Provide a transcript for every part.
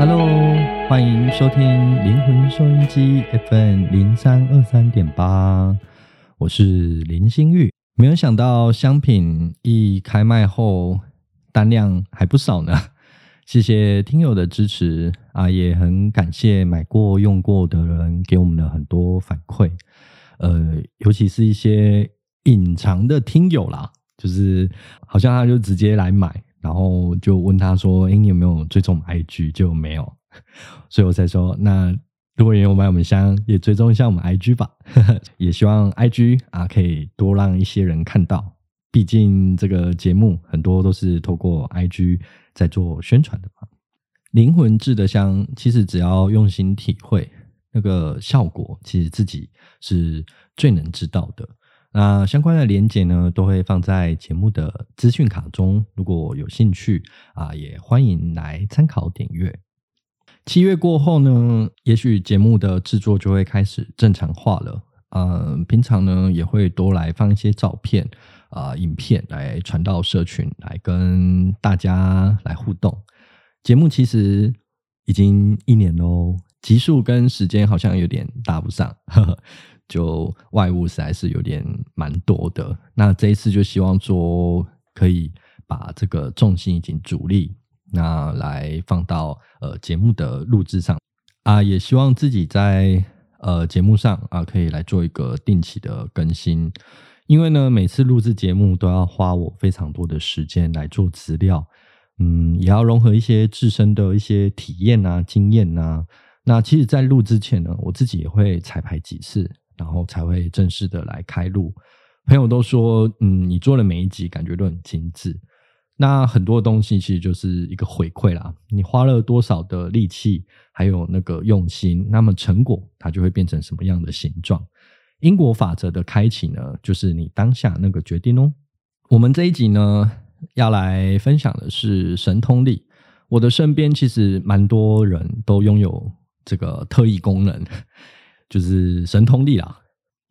Hello，歡迎收聽靈魂收音機 FM 零三二三點八，我是林興裕。沒有想到商品一開賣後單量還不少呢，謝謝聽友的支持啊，也很感謝買過用過的人給我們的很多反饋，呃，尤其是一些隱藏的聽友啦，就是好像他就直接來買。然後就問他說：“哎，你有沒有追蹤我們 IG？就沒有，所以我才說，那如果有人買我們香，也追蹤一下我們 IG 吧。 也希望 IG 啊，可以多讓一些人看到，畢竟這個節目很多都是透過 IG 在做宣傳的嘛。靈魂製的香，其實只要用心體會，那個效果，其實自己是最能知道的。”那相關的連結呢，都會放在節目的資訊卡中。如果有興趣啊、呃，也歡迎來參考點閱。七月過後呢，也許節目的製作就會開始正常化了。嗯、呃，平常呢也會多來放一些照片啊、呃、影片來傳到社群，來跟大家來互動。節目其實已經一年嘍，集數跟時間好像有點搭不上。呵呵就外務實在是有點蠻多的，那這一次就希望說可以把這個重心以及主力，那來放到呃節目的錄製上啊，也希望自己在呃節目上啊可以來做一個定期的更新，因為呢每次錄製節目都要花我非常多的時間來做資料，嗯，也要融合一些自身的一些體驗啊、經驗啊。那其實，在錄之前呢，我自己也會彩排幾次。然後才會正式的來開路。朋友都說，嗯，你做的每一集感覺都很精致。那很多東西其實就是一個回饋啦，你花了多少的力氣，還有那個用心，那麼成果它就會變成什麼樣的形狀？因果法則的開啟呢，就是你當下那個決定哦。我們這一集呢，要來分享的是神通力。我的身邊其實蠻多人都擁有這個特異功能。就是神通力啦，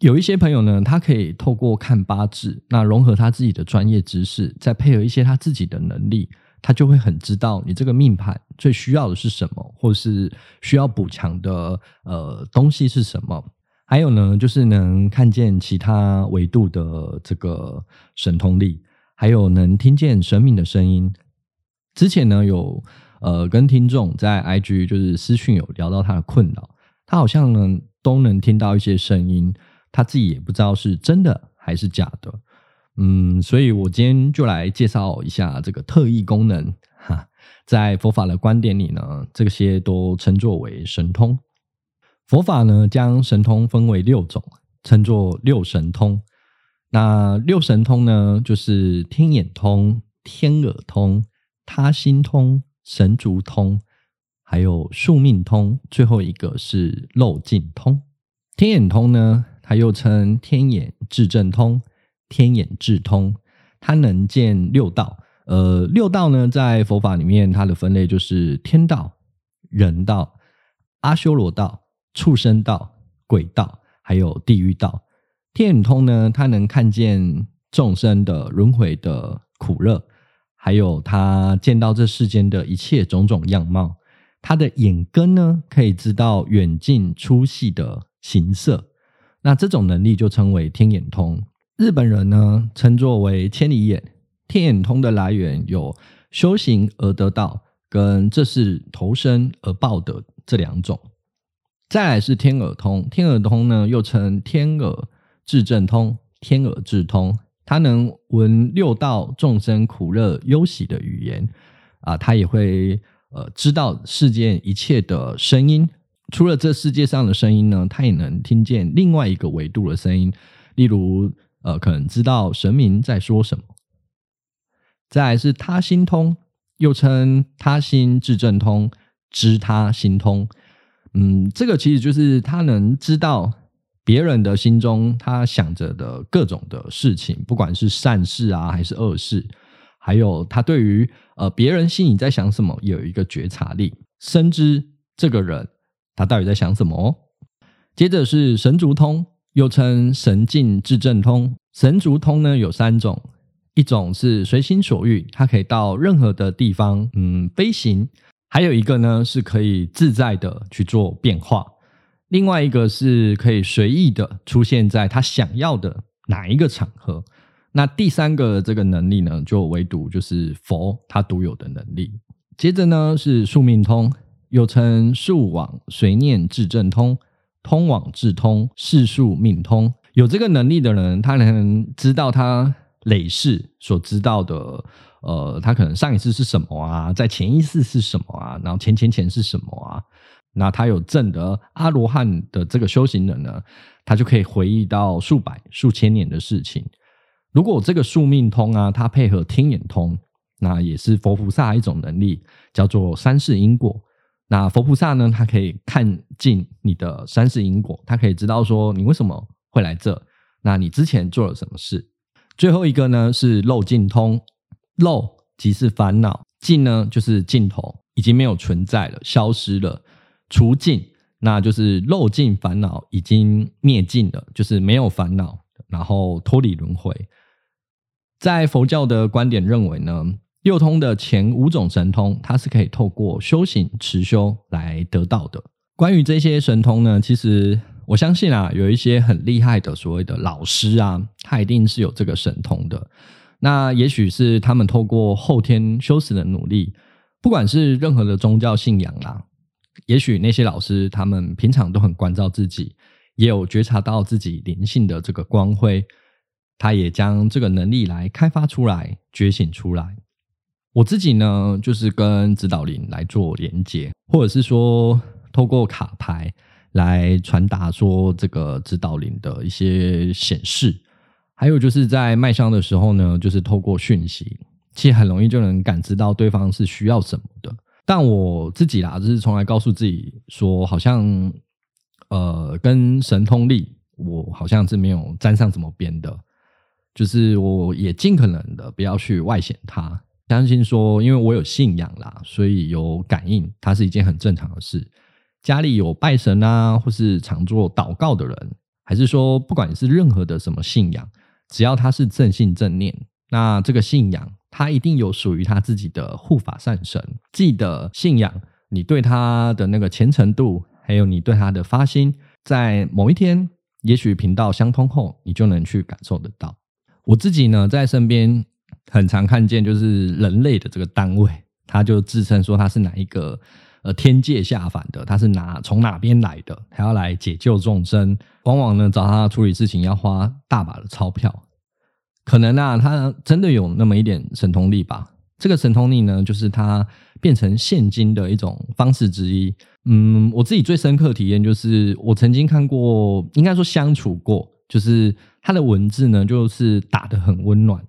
有一些朋友呢，他可以透過看八字，那融合他自己的專業知識，再配合一些他自己的能力，他就會很知道你這個命盤最需要的是什麼，或是需要補強的呃東西是什麼。還有呢，就是能看見其他維度的這個神通力，還有能聽見神明的聲音。之前呢，有呃跟聽眾在 IG 就是私訊有聊到他的困擾。他好像呢都能聽到一些聲音，他自己也不知道是真的還是假的。嗯，所以我今天就來介紹一下這個特異功能哈。在佛法的觀點裡呢，這些都稱作為神通。佛法呢，將神通分為六種，稱作六神通。那六神通呢，就是天眼通、天耳通、他心通、神足通，還有宿命通，最後一個是漏盡通。天眼通呢，它又稱天眼智證通、天眼智通，它能見六道。呃，六道呢，在佛法裡面，它的分類就是天道、人道、阿修羅道、畜生道、鬼道，還有地獄道。天眼通呢，它能看見眾生的輪迴的苦樂，還有它見到這世間的一切種種樣貌。他的眼根呢，可以知道遠近粗細的形色，那這種能力就稱為天眼通。日本人呢稱作為千里眼。天眼通的來源有修行而得道，跟這是投生而報得這兩種。再來是天耳通，天耳通呢又稱天耳智正通、天耳智通，它能聞六道眾生苦樂憂喜的語言啊，它也會。呃，知道世界一切的聲音，除了這世界上的聲音呢，他也能聽見另外一個維度的聲音，例如，呃，可能知道神明在說什麼。再來是他心通，又稱他心智證通，知他心通。嗯，這個其實就是他能知道別人的心中他想着的各種的事情，不管是善事啊，還是惡事。還有，他對於呃、別人心裡在想什麼有一個覺察力，深知這個人他到底在想什麼哦。接着是神足通，又稱神境智證通。神足通呢有三種，一種是隨心所欲，它可以到任何的地方，嗯，飛行；還有一個呢是可以自在的去做變化；另外一個是可以隨意的出現在他想要的哪一個場合。那第三個這個能力呢，就唯獨就是佛他獨有的能力。接着呢是宿命通，又稱宿往隨念至正通，通往至通世宿命通。有這個能力的人，他能知道他累世所知道的，呃，他可能上一世是什麼啊，在前一世是什麼啊，然後前前前是什麼啊。那他有證得阿羅漢的這個修行人呢，他就可以回憶到數百數千年的事情。如果這個宿命通啊，它配合天眼通，那也是佛菩薩一種能力，叫做三世因果。那佛菩薩呢，他可以看盡你的三世因果，他可以知道說你為什麼會來這，那你之前做了什麼事。最後一個呢，是漏盡通，漏即是煩惱，盡呢就是盡頭，已經沒有存在了，消失了，除盡，那就是漏盡煩惱已經滅盡了，就是沒有煩惱，然後脫離輪迴。在佛教的觀點認為呢，六通的前五種神通，它是可以透過修行持修來得到的。關於這些神通呢，其實我相信啊，有一些很厲害的所謂的老師啊，他一定是有這個神通的。那也許是他們透過後天修持的努力，不管是任何的宗教信仰啦、啊，也許那些老師他們平常都很關照自己，也有覺察到自己靈性的這個光輝。他也將這個能力來開發出來、覺醒出來。我自己呢，就是跟指導靈來做連接，或者是說透過卡牌來傳達說這個指導靈的一些顯示。還有就是在賣相的時候呢，就是透過訊息，其實很容易就能感知到對方是需要什麼的。但我自己啦，就是從來告訴自己說，好像呃，跟神通力，我好像是沒有沾上什麼邊的。就是我也盡可能的不要去外顯它，相信說，因為我有信仰啦，所以有感應，它是一件很正常的事。家裡有拜神啊，或是常做禱告的人，還是說，不管是任何的什麼信仰，只要他是正信正念，那這個信仰他一定有屬於他自己的護法善神。記得信仰，你對他的那個虔誠度，還有你對他的發心，在某一天，也許頻道相通後，你就能去感受得到。我自己呢，在身邊很常看見，就是人類的這個單位，他就自稱說他是哪一個呃天界下凡的，他是哪從哪邊來的，還要來解救眾生。往往呢，找他處理事情要花大把的鈔票。可能啊，他真的有那麼一點神通力吧？這個神通力呢，就是他變成現金的一種方式之一。嗯，我自己最深刻體驗就是，我曾經看過，應該說相處過，就是。他的文字呢，就是打得很溫暖。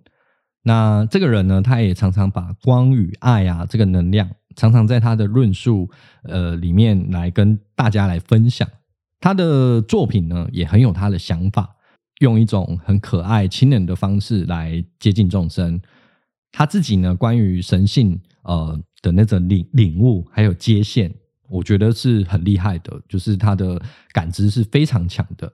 那這個人呢，他也常常把光與愛啊這個能量，常常在他的論述呃裡面來跟大家來分享。他的作品呢，也很有他的想法，用一種很可愛、親人的方式來接近眾生。他自己呢，關於神性呃的那種領領悟還有接線，我覺得是很厲害的，就是他的感知是非常強的。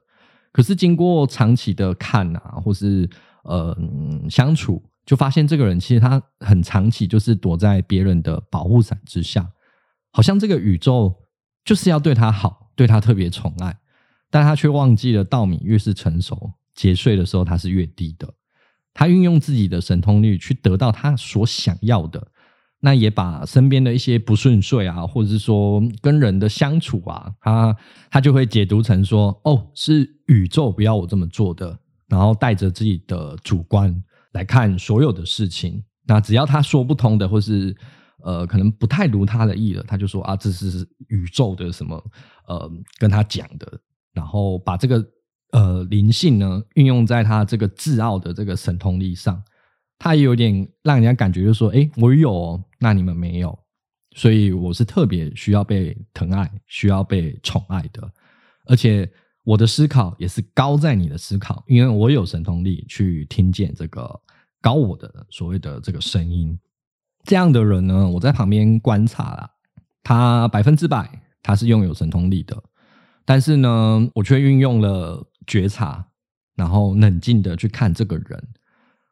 可是經過長期的看啊，或是呃、嗯、相處，就發現這個人其實他很長期就是躲在別人的保護傘之下，好像這個宇宙就是要對他好，對他特別寵愛，但他卻忘記了稻米越是成熟結穗的時候，他是越低的。他運用自己的神通力去得到他所想要的。那也把身邊的一些不順遂啊，或者是說跟人的相處啊，他他就會解讀成說，哦，是宇宙不要我這麼做的，然後帶着自己的主觀來看所有的事情。那只要他說不通的，或是呃，可能不太如他的意了，他就說啊，這是宇宙的什麼，呃，跟他講的，然後把這個呃靈性呢，運用在他這個自傲的這個神通力上。他也有點讓人家感覺，就是說：“哎，我有哦，那你們沒有，所以我是特別需要被疼愛、需要被寵愛的。而且我的思考也是高在你的思考，因為我有神通力去聽見這個高我的所謂的這個聲音。這樣的人呢，我在旁邊觀察了，他百分之百他是擁有神通力的，但是呢，我卻運用了覺察，然後冷靜的去看這個人。”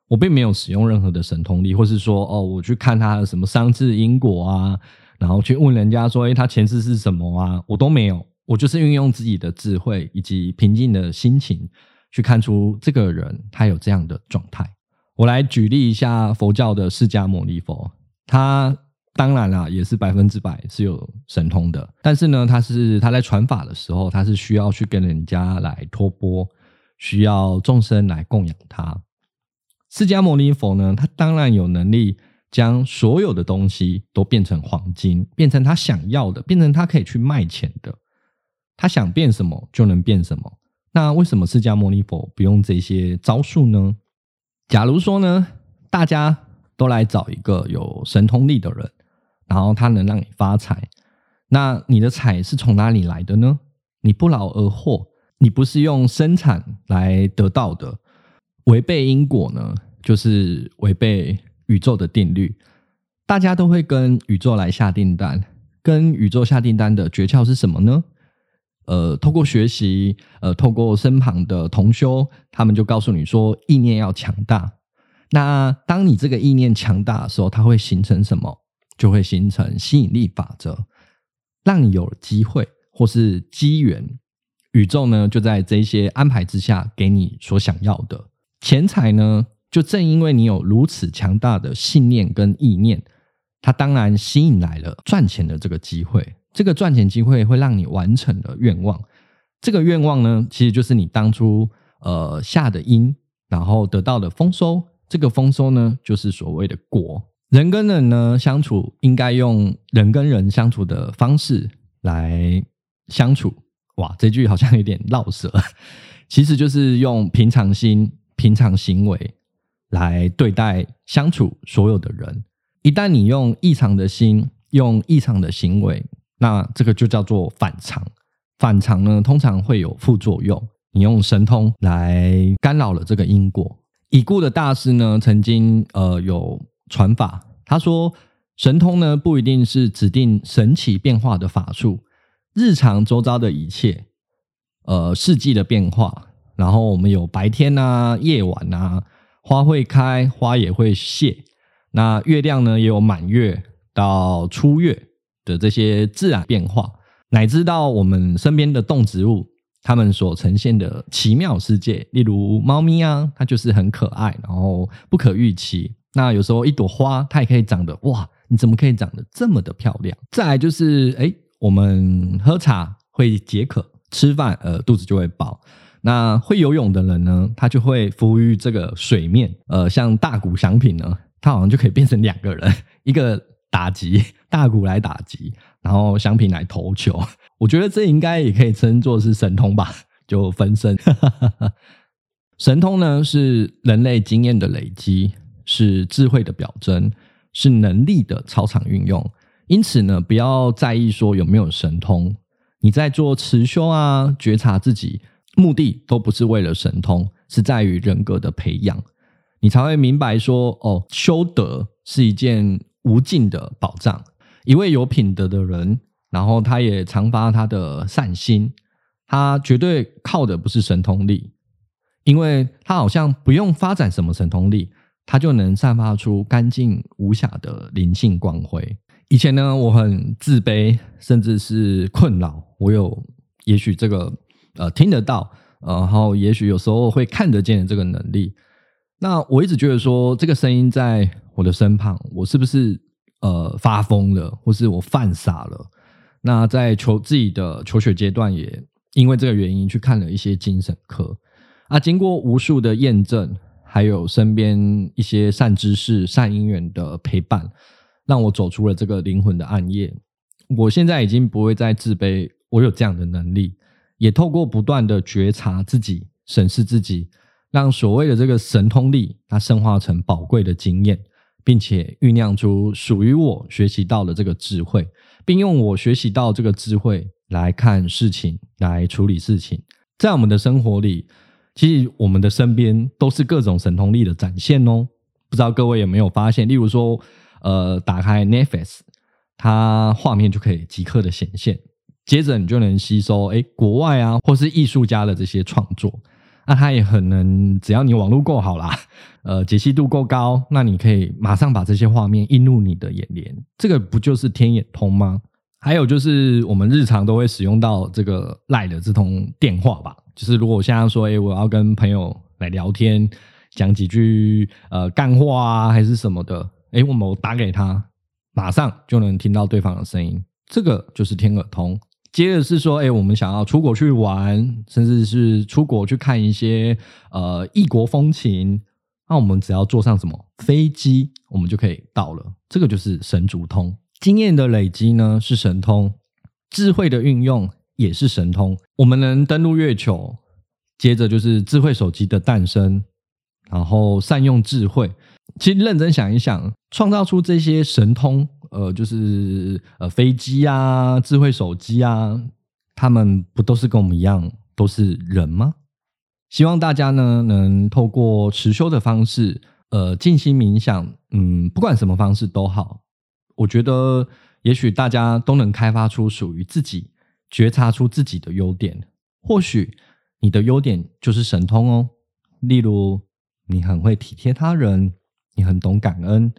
我並沒有使用任何的神通力，或是說哦，我去看他的什麼三世因果啊，然後去問人家說，哎，他前世是什麼啊？我都沒有，我就是運用自己的智慧以及平靜的心情去看出這個人他有這樣的狀態。我來舉例一下佛教的釋迦牟尼佛，他當然啦、啊，也是百分之百是有神通的，但是呢，他是他在傳法的時候，他是需要去跟人家來托缽，需要眾生來供養他。釋迦牟尼佛呢，他當然有能力將所有的東西都變成黃金，變成他想要的，變成他可以去賣錢的。他想變什麼就能變什麼。那為什麼釋迦牟尼佛不用這些招數呢？假如說呢，大家都來找一個有神通力的人，然後他能讓你發財，那你的財是從哪裡來的呢？你不勞而獲，你不是用生產來得到的。違背因果呢，就是違背宇宙的定律。大家都會跟宇宙來下訂單，跟宇宙下訂單的訣竅是什麼呢？呃，透過學習，呃，透過身旁的同修，他們就告訴你說，意念要強大。那當你這個意念強大的時候，它會形成什麼？就會形成吸引力法則，讓你有機會或是機緣。宇宙呢，就在這些安排之下，給你所想要的。錢財呢，就正因為你有如此強大的信念跟意念，它當然吸引來了賺錢的這個機會。這個賺錢機會會讓你完成了願望。這個願望呢，其實就是你當初呃下的因，然後得到的豐收。這個豐收呢，就是所謂的果。人跟人呢相處，應該用人跟人相處的方式來相處。哇，這句好像有點繞舌，其實就是用平常心。平常行為來對待相處所有的人，一旦你用異常的心，用異常的行為，那這個就叫做反常。反常呢，通常會有副作用。你用神通來干擾了這個因果。已故的大師呢，曾經呃有傳法，他說神通呢不一定是指定神奇變化的法術，日常周遭的一切，呃，世紀的變化。然後我們有白天吶、啊，夜晚吶、啊，花會開，花也會謝。那月亮呢，也有滿月到初月的這些自然變化，乃至到我們身邊的動植物，它們所呈現的奇妙世界。例如貓咪啊，它就是很可愛，然後不可預期。那有時候一朵花，它也可以長得哇，你怎麼可以長得這麼的漂亮？再來就是，哎，我們喝茶會解渴，吃飯呃肚子就會飽。那會游泳的人呢，他就會浮於這個水面。呃，像大谷翔平呢，他好像就可以變成兩個人，一個打擊大谷來打擊，然後翔平來投球。我覺得這應該也可以稱作是神通吧，就分身。 神通呢，是人類經驗的累積，是智慧的表徵，是能力的超常運用。因此呢，不要在意說有沒有神通，你在做持修啊，覺察自己。目的都不是為了神通，是在於人格的培養。你才會明白說，哦，修德是一件無盡的寶藏。一位有品德的人，然後他也常發他的善心，他絕對靠的不是神通力，因為他好像不用發展什麼神通力，他就能散發出乾淨無瑕的靈性光輝。以前呢，我很自卑，甚至是困擾，我有也許這個。呃，聽得到、呃，然後也許有時候會看得見的這個能力。那我一直覺得說，這個聲音在我的身旁，我是不是呃發瘋了，或是我犯傻了？那在求自己的求學階段，也因為這個原因去看了一些精神科啊。經過無數的驗證，還有身邊一些善知識、善因緣的陪伴，讓我走出了這個靈魂的暗夜。我現在已經不會再自卑，我有這樣的能力。也透過不斷的覺察自己、審視自己，讓所謂的這個神通力，它升化成寶貴的經驗，並且醞釀出屬於我學習到的這個智慧，並用我學習到這個智慧來看事情、來處理事情。在我們的生活裡，其實我們的身邊都是各種神通力的展現哦。不知道各位有沒有發現？例如說，呃，打開 n e x e s 它畫面就可以即刻的顯現。接着你就能吸收，哎、欸，國外啊，或是藝術家的這些創作，那他也很能，只要你網絡夠好啦，呃，解析度夠高，那你可以馬上把這些畫面映入你的眼簾。這個不就是天眼通嗎？還有就是我們日常都會使用到這個 LINE 的這通電話吧，就是如果我現在說，哎、欸，我要跟朋友來聊天，講幾句呃幹話啊，還是什麼的，哎、欸，我們打給他，馬上就能聽到對方的聲音。這個就是天耳通。接着是說，哎、欸，我們想要出國去玩，甚至是出國去看一些呃異國風情，那我們只要坐上什麼飛機，我們就可以到了。這個就是神足通。經驗的累積呢是神通，智慧的運用也是神通。我們能登陸月球，接着就是智慧手機的誕生，然後善用智慧。其實認真想一想，創造出這些神通。呃，就是呃，飛機啊，智慧手機啊，他們不都是跟我們一樣都是人嗎？希望大家呢能透過持修的方式，呃，靜心冥想，嗯，不管什麼方式都好，我覺得也許大家都能開發出屬於自己覺察出自己的優點，或許你的優點就是神通哦，例如你很會體貼他人，你很懂感恩，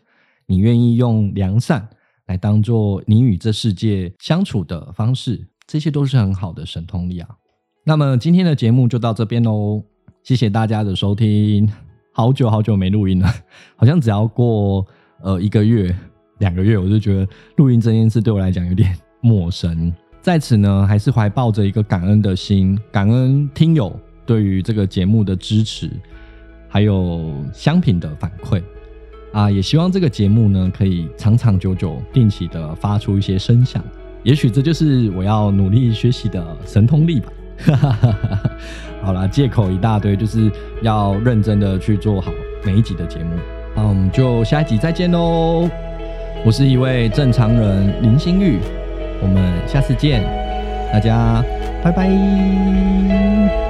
你願意用良善。來當做你與這世界相處的方式，這些都是很好的神通力啊。那麼今天的節目就到這邊嘍，謝謝大家的收聽。好久好久沒錄音了，好像只要過，呃一個月、兩個月，我就覺得錄音這件事對我來講有點陌生。在此呢，還是懷抱着一個感恩的心，感恩聽友對於這個節目的支持，還有商品的反饋。啊，也希望這個節目呢，可以長長久久、定期的發出一些聲響。也許這就是我要努力學習的神通力吧。 好了，借口一大堆，就是要認真的去做好每一集的節目。嗯，我們就下一集再見嘍。我是一位正常人林興裕，我們下次見，大家拜拜。